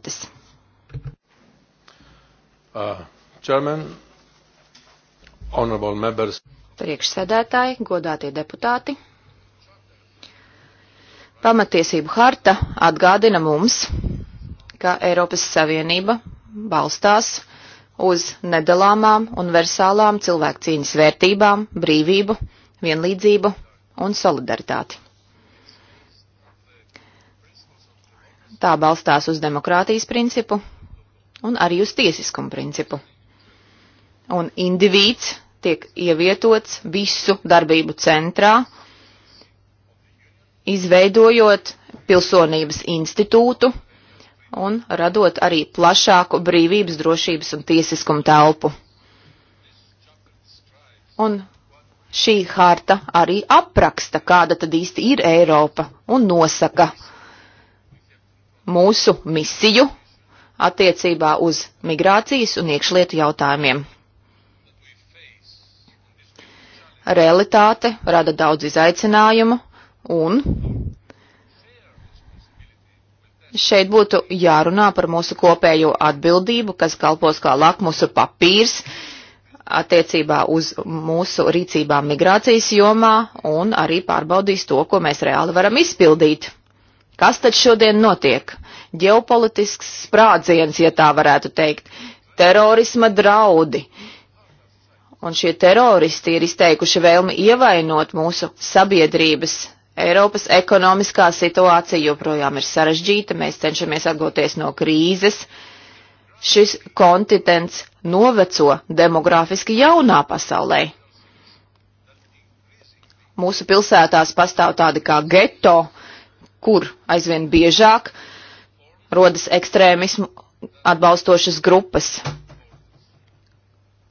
minūtes. Uh, chairman, honorable members. Priekšsēdētāji, godātie deputāti. Pamatiesību harta atgādina mums, ka Eiropas Savienība balstās uz nedalāmām universālām cilvēku cīņas vērtībām, brīvību, vienlīdzību un solidaritāti. Tā balstās uz demokrātijas principu un arī uz tiesiskumu principu. Un indivīds tiek ievietots visu darbību centrā, izveidojot pilsonības institūtu un radot arī plašāku brīvības, drošības un tiesiskumu telpu. Un šī harta arī apraksta, kāda tad īsti ir Eiropa un nosaka, mūsu misiju attiecībā uz migrācijas un iekšlietu jautājumiem. Realitāte rada daudz izaicinājumu un šeit būtu jārunā par mūsu kopējo atbildību, kas kalpos kā lakmusu papīrs attiecībā uz mūsu rīcībām migrācijas jomā un arī pārbaudīs to, ko mēs reāli varam izpildīt. Kas tad šodien notiek? Ģeopolitisks sprādziens, ja tā varētu teikt, terorisma draudi. Un šie teroristi ir izteikuši vēlmi ievainot mūsu sabiedrības. Eiropas ekonomiskā situācija joprojām ir sarežģīta, mēs cenšamies atgūties no krīzes. Šis kontinents noveco demografiski jaunā pasaulē mūsu pilsētās pastāv tādi kā geto, kur aizvien biežāk rodas ekstrēmismu atbalstošas grupas.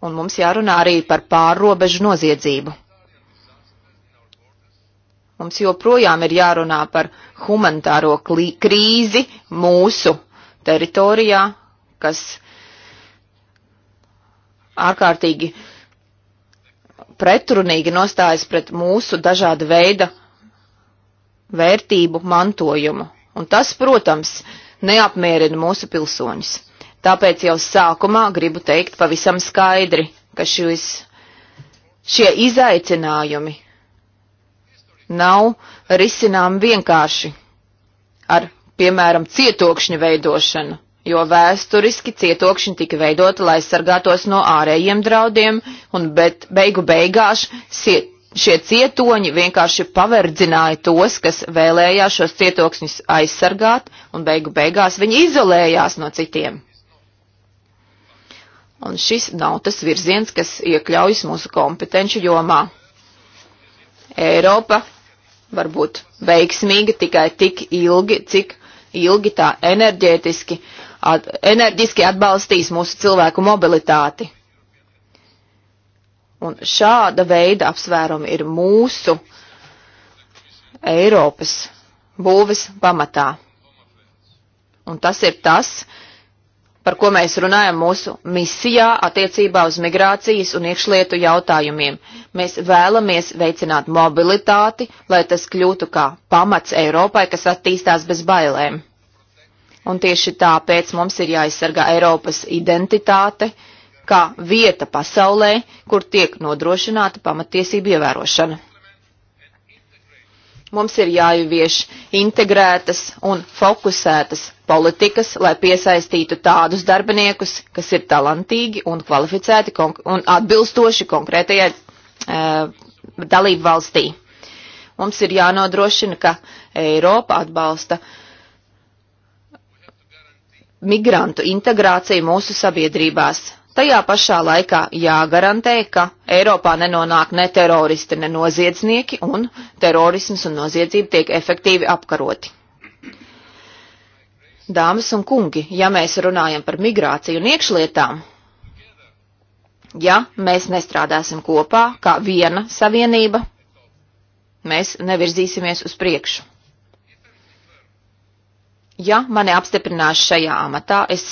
Un mums jārunā arī par pārrobežu noziedzību. Mums joprojām ir jārunā par humanitāro krīzi mūsu teritorijā, kas ārkārtīgi pretrunīgi nostājas pret mūsu dažāda veida vērtību mantojumu. Un tas, protams, neapmierina mūsu pilsoņus. Tāpēc jau sākumā gribu teikt pavisam skaidri, ka šis, šie izaicinājumi nav risinām vienkārši ar, piemēram, cietokšņu veidošanu, jo vēsturiski cietokšņi tika veidoti, lai sargātos no ārējiem draudiem, un bet beigu beigās cietokšņi šie cietoņi vienkārši paverdzināja tos, kas vēlējās šos cietoksņus aizsargāt, un beigu beigās viņi izolējās no citiem. Un šis nav tas virziens, kas iekļaujas mūsu kompetenci jomā. Eiropa var būt veiksmīga tikai tik ilgi, cik ilgi tā enerģētiski, at, enerģiski atbalstīs mūsu cilvēku mobilitāti. Un šāda veida apsvērumi ir mūsu Eiropas būves pamatā. Un tas ir tas, par ko mēs runājam mūsu misijā attiecībā uz migrācijas un iekšlietu jautājumiem. Mēs vēlamies veicināt mobilitāti, lai tas kļūtu kā pamats Eiropai, kas attīstās bez bailēm. Un tieši tāpēc mums ir jāaizsargā Eiropas identitāte, uh, kā vieta pasaulē, kur tiek nodrošināta pamatiesība ievērošana. Mums ir jāievieš integrētas un fokusētas politikas, lai piesaistītu tādus darbiniekus, kas ir talantīgi un kvalificēti un atbilstoši konkrētajai e, dalību valstī. Mums ir jānodrošina, ka Eiropa atbalsta migrantu integrāciju mūsu sabiedrībās. Tajā pašā laikā jāgarantē, ka Eiropā nenonāk ne teroristi, ne noziedznieki, un terorisms un noziedzība tiek efektīvi apkaroti. Dāmas un kungi, ja mēs runājam par migrāciju un iekšlietām, ja mēs nestrādāsim kopā kā viena savienība, mēs nevirzīsimies uz priekšu. Ja mani apstiprinās šajā amatā, es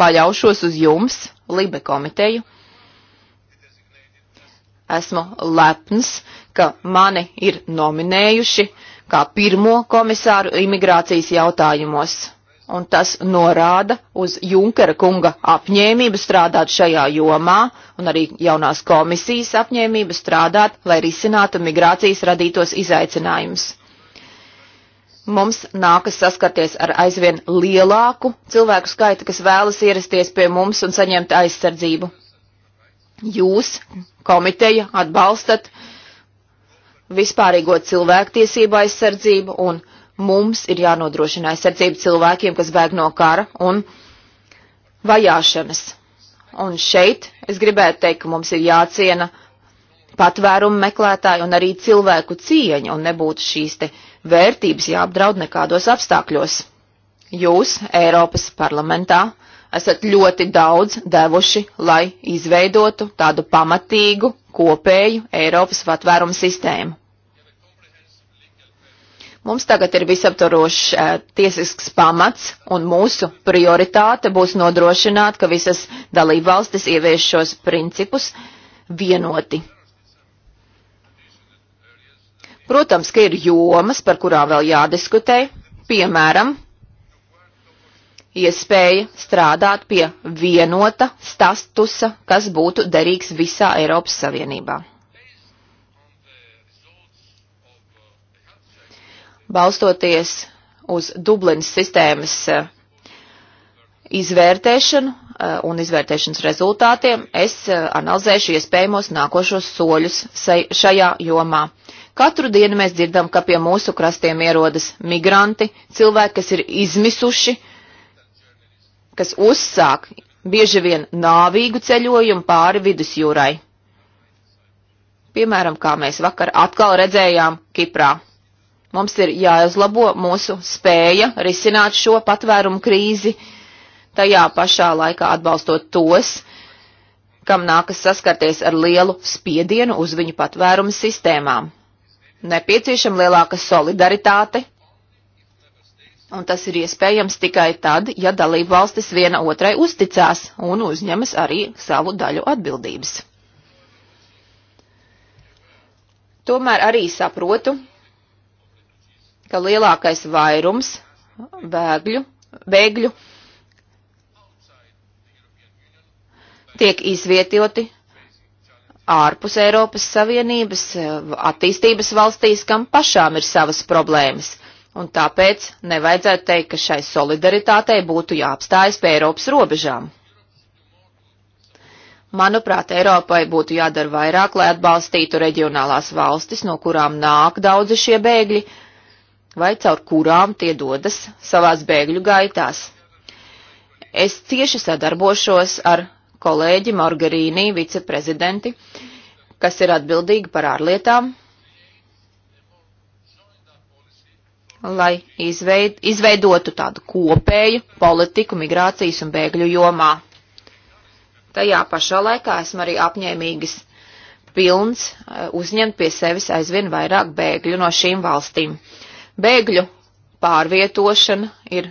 paļaušos uz jums, Libe komiteju. Esmu lepns, ka mani ir nominējuši kā pirmo komisāru imigrācijas jautājumos, un tas norāda uz Junkera kunga apņēmību strādāt šajā jomā un arī jaunās komisijas apņēmību strādāt, lai risinātu migrācijas radītos izaicinājumus mums nākas saskarties ar aizvien lielāku cilvēku skaitu, kas vēlas ierasties pie mums un saņemt aizsardzību. Jūs, komiteja, atbalstat vispārīgo cilvēktiesību aizsardzību un mums ir jānodrošina aizsardzība cilvēkiem, kas bēg no kara un vajāšanas. Un šeit es gribētu teikt, ka mums ir jāciena patvērumu meklētāji un arī cilvēku cieņa un nebūtu šīs te uh, vērtības jāapdraud nekādos apstākļos. Jūs Eiropas parlamentā esat ļoti daudz devuši, lai izveidotu tādu pamatīgu kopēju Eiropas patvērumu sistēmu. Mums tagad ir visaptvarošs e, tiesisks pamats, un mūsu prioritāte būs nodrošināt, ka visas dalībvalstis ievieš šos principus vienoti. Protams, ka ir jomas, par kurām vēl jādiskutē, piemēram, iespēja strādāt pie vienota statusa, kas būtu derīgs visā Eiropas Savienībā. Balstoties uz Dublinas sistēmas eh, izvērtēšanu eh, un izvērtēšanas rezultātiem, es eh, analizēšu iespējamos nākošos soļus šajā jomā. Katru dienu mēs dzirdam, ka pie mūsu krastiem ierodas migranti, cilvēki, kas ir izmisuši, kas uzsāk bieži vien nāvīgu ceļojumu pāri vidusjūrai. Piemēram, kā mēs vakar atkal redzējām Kiprā. Mums ir jāuzlabo mūsu spēja risināt šo patvērumu krīzi, tajā pašā laikā atbalstot tos, kam nākas saskarties ar lielu spiedienu uz viņu patvērumu sistēmām nepieciešama lielāka solidaritāte, un tas ir iespējams tikai tad, ja dalību valstis viena otrai uzticās un uzņemas arī savu daļu atbildības. Tomēr arī saprotu, ka lielākais vairums bēgļu, bēgļu tiek izvietoti ārpus Eiropas Savienības eh, attīstības valstīs, kam pašām ir savas problēmas. Un tāpēc nevajadzētu teikt, ka šai solidaritātei būtu jāapstājas pie Eiropas robežām. Manuprāt, Eiropai būtu jādara vairāk, lai atbalstītu reģionālās valstis, no kurām nāk daudzi šie bēgļi, vai caur kurām tie dodas savās bēgļu gaitās. Es cieši sadarbošos ar kolēģi Margarīnī, viceprezidenti, kas ir atbildīgi par ārlietām, lai izveid, izveidotu tādu kopēju politiku migrācijas un bēgļu jomā. Tajā pašā laikā esmu arī apņēmīgas pilns eh, uzņemt pie sevis aizvien vairāk bēgļu no šīm valstīm. Bēgļu pārvietošana ir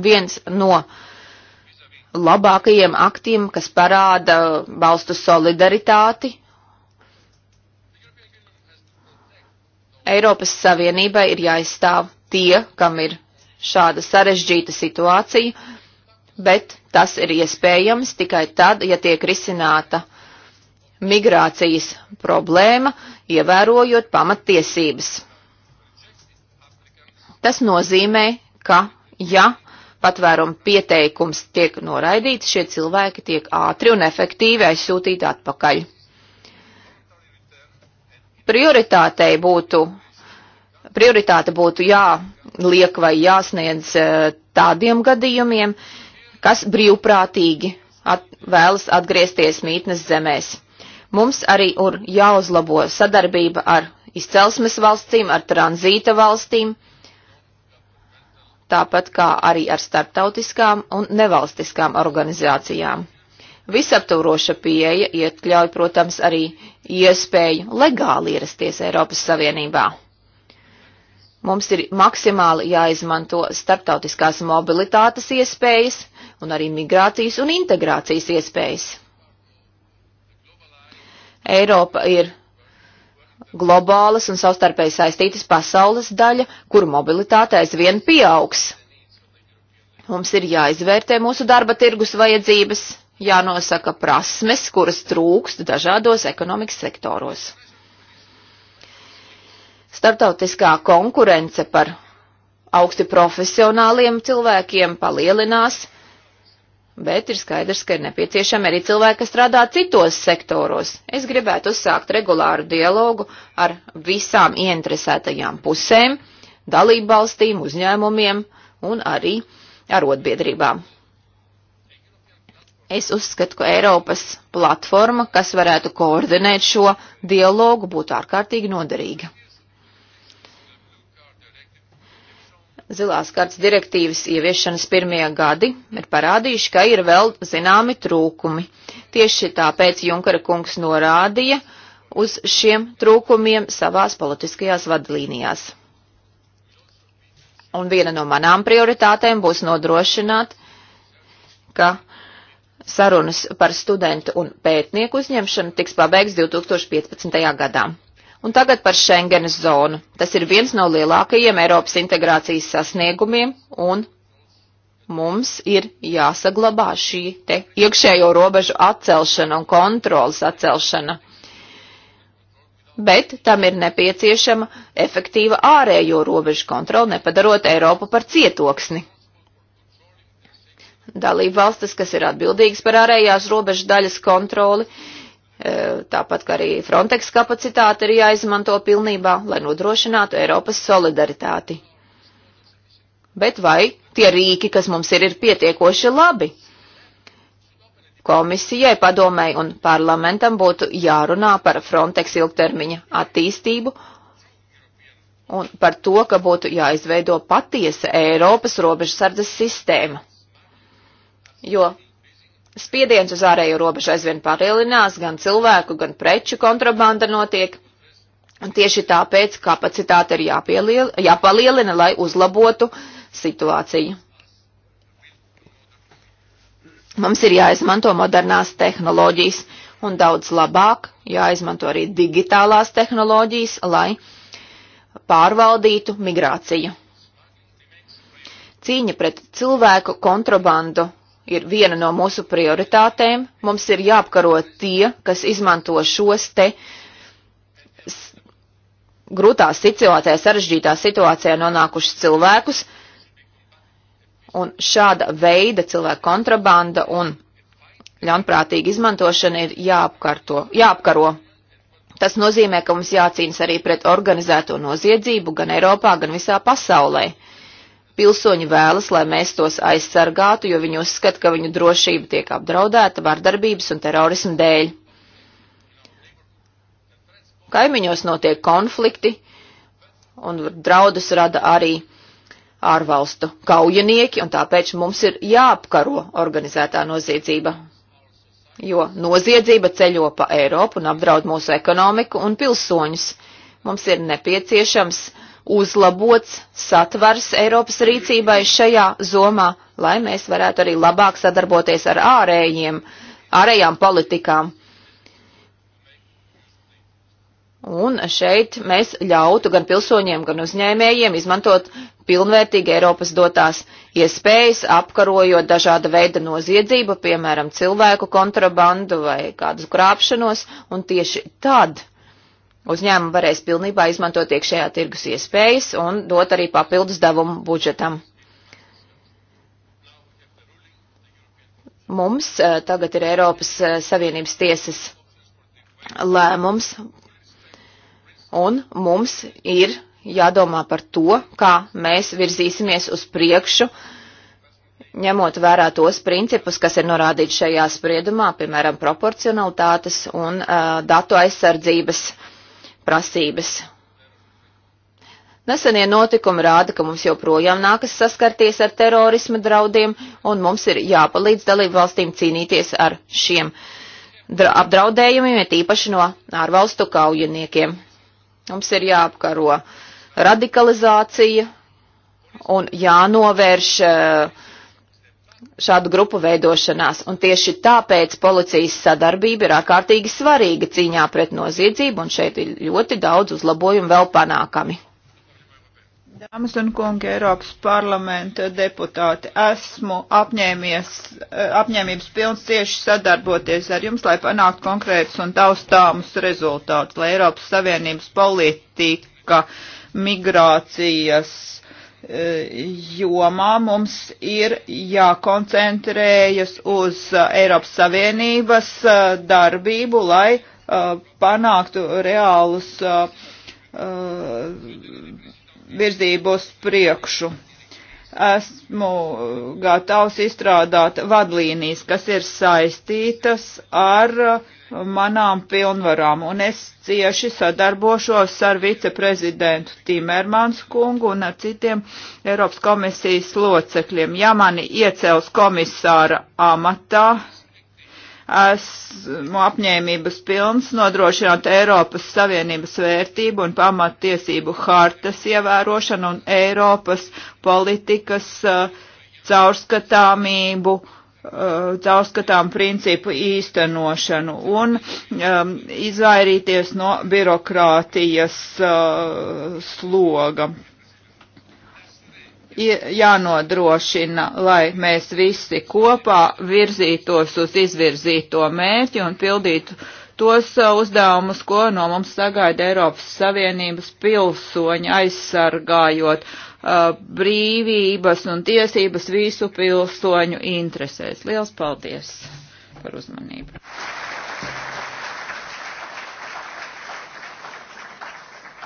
viens no uh, labākajiem aktiem, kas parāda valstu solidaritāti. Eiropas Savienībai ir jāizstāv tie, kam ir šāda sarežģīta situācija, bet tas ir iespējams tikai tad, ja tiek risināta migrācijas problēma, ievērojot pamatiesības. Tas nozīmē, ka, ja patvērumu pieteikums tiek noraidīts, šie cilvēki tiek ātri un efektīvi aizsūtīti atpakaļ. Prioritātei būtu, prioritāte būtu jāliek vai jāsniedz eh, tādiem gadījumiem, kas brīvprātīgi at, vēlas atgriezties mītnes zemēs. Mums arī ir jāuzlabo sadarbība ar izcelsmes valstīm, ar tranzīta valstīm tāpat kā arī ar starptautiskām un nevalstiskām organizācijām. Visaptūroša pieeja iekļauj, protams, arī iespēju legāli ierasties Eiropas Savienībā. Mums ir maksimāli jāizmanto starptautiskās mobilitātes iespējas un arī migrācijas un integrācijas iespējas. Eiropa ir globālas un savstarpēji saistītas pasaules daļa, kuru mobilitāte aizvien pieaugs. Mums ir jāizvērtē mūsu darba tirgus vajadzības, jānosaka prasmes, kuras trūkst dažādos ekonomikas sektoros. Startautiskā konkurence par augsti profesionāliem cilvēkiem palielinās, bet ir skaidrs, ka ir nepieciešami arī cilvēki, kas strādā citos sektoros. Es gribētu uzsākt regulāru dialogu ar visām ieinteresētajām pusēm, dalībvalstīm, uzņēmumiem un arī arotbiedrībām. Es uzskatu, ka Eiropas platforma, kas varētu koordinēt šo dialogu, būtu ārkārtīgi noderīga. Zilās kārtas direktīvas ieviešanas pirmie gadi ir parādījuši, ka ir vēl zināmi trūkumi. Tieši tāpēc Junkara kungs norādīja uz šiem trūkumiem savās politiskajās vadlīnijās. Un viena no manām prioritātēm būs nodrošināt, ka sarunas par studentu un pētnieku uzņemšanu tiks pabeigts 2015. gadā. Un tagad par Schengenes zonu. Tas ir viens no lielākajiem Eiropas integrācijas sasniegumiem, un mums ir jāsaglabā šī te iekšējo robežu atcelšana un kontrolas atcelšana. Bet tam ir nepieciešama efektīva ārējo robežu kontrola, nepadarot Eiropu par cietoksni. Dalība valstis, kas ir atbildīgas par ārējās robežu daļas kontroli, uh, E, tāpat kā arī Frontex kapacitāte ir jāizmanto pilnībā, lai nodrošinātu Eiropas solidaritāti. Bet vai tie rīki, kas mums ir, ir pietiekoši labi? Komisijai, padomai un parlamentam būtu jārunā par Frontex ilgtermiņa attīstību un par to, ka būtu jāizveido patiesa Eiropas robežsardzes sistēma. Jo Spiediens uz ārējo robežu aizvien palielinās, gan cilvēku, gan preču kontrabanda notiek. Un tieši tāpēc kapacitāte ir jāpalielina, lai uzlabotu situāciju. Mums ir jāizmanto modernās tehnoloģijas un daudz labāk jāizmanto arī digitālās tehnoloģijas, lai pārvaldītu migrāciju. Cīņa pret cilvēku kontrabandu ir viena no mūsu prioritātēm. Mums ir jāapkaro tie, kas izmanto šos te grūtā situācijā, sarežģītā situācijā nonākušus cilvēkus. Un šāda veida cilvēku kontrabanda un ļaunprātīga izmantošana ir jāapkarto, jāapkaro. Tas nozīmē, ka mums jācīnas arī pret organizēto noziedzību gan Eiropā, gan visā pasaulē. Uh, pilsoņi vēlas, lai mēs tos aizsargātu, jo viņi uzskata, ka viņu drošība tiek apdraudēta vardarbības un terorismu dēļ. Kaimiņos notiek konflikti, un draudus rada arī ārvalstu kaujinieki, un tāpēc mums ir jāapkaro organizētā noziedzība, jo noziedzība ceļo pa Eiropu un apdraud mūsu ekonomiku un pilsoņus. Mums ir nepieciešams uh, uzlabots satvars Eiropas rīcībai šajā zomā, lai mēs varētu arī labāk sadarboties ar ārējiem, ārējām politikām. Un šeit mēs ļautu gan pilsoņiem, gan uzņēmējiem izmantot pilnvērtīgi Eiropas dotās iespējas, apkarojot dažāda veida noziedzību, piemēram, cilvēku kontrabandu vai kādu krāpšanos, un tieši tad uzņēmumi varēs pilnībā izmantot iekšējā tirgus iespējas un dot arī papildus devumu budžetam. Mums eh, tagad ir Eiropas eh, Savienības tiesas lēmums, un mums ir jādomā par to, kā mēs virzīsimies uz priekšu, ņemot vērā tos principus, kas ir norādīti šajā spriedumā, piemēram, proporcionalitātes un uh, datu aizsardzības uh, prasības. Nesenie notikumi rāda, ka mums joprojām nākas saskarties ar terorisma draudiem, un mums ir jāpalīdz dalību valstīm cīnīties ar šiem apdraudējumiem, ja tīpaši no ārvalstu kaujiniekiem. Mums ir jāapkaro radikalizācija un jānovērš uh, šādu grupu veidošanās, un tieši tāpēc policijas sadarbība ir ārkārtīgi svarīga cīņā pret noziedzību, un šeit ir ļoti daudz uzlabojumu vēl panākami. Dāmas un kungi, Eiropas parlamenta deputāti, esmu apņēmies, eh, apņēmības pilns cieši sadarboties ar jums, lai panāktu konkrētus un taustāmus rezultātus, lai Eiropas Savienības politika, migrācijas, jomā mums ir jākoncentrējas uz uh, Eiropas Savienības uh, darbību, lai uh, panāktu reālus virzību uz priekšu. Esmu gatavs izstrādāt vadlīnijas, kas ir saistītas ar uh, manām pilnvarām, un es cieši sadarbošos ar viceprezidentu Timermans kungu un ar citiem Eiropas komisijas locekļiem. Ja mani iecels komisāra amatā, esmu apņēmības pilns nodrošināt Eiropas Savienības vērtību un pamattiesību hartas ievērošanu un Eiropas politikas uh, caurskatāmību uh, Uh, caurskatām principu īstenošanu un um, izvairīties no birokrātijas uh, sloga. I, jānodrošina, lai mēs visi kopā virzītos uz izvirzīto mērķi un pildītu tos uh, uzdevumus, ko no mums sagaida Eiropas Savienības pilsoņi aizsargājot uh, Uh, brīvības un tiesības visu pilsoņu interesēs. Liels paldies par uzmanību!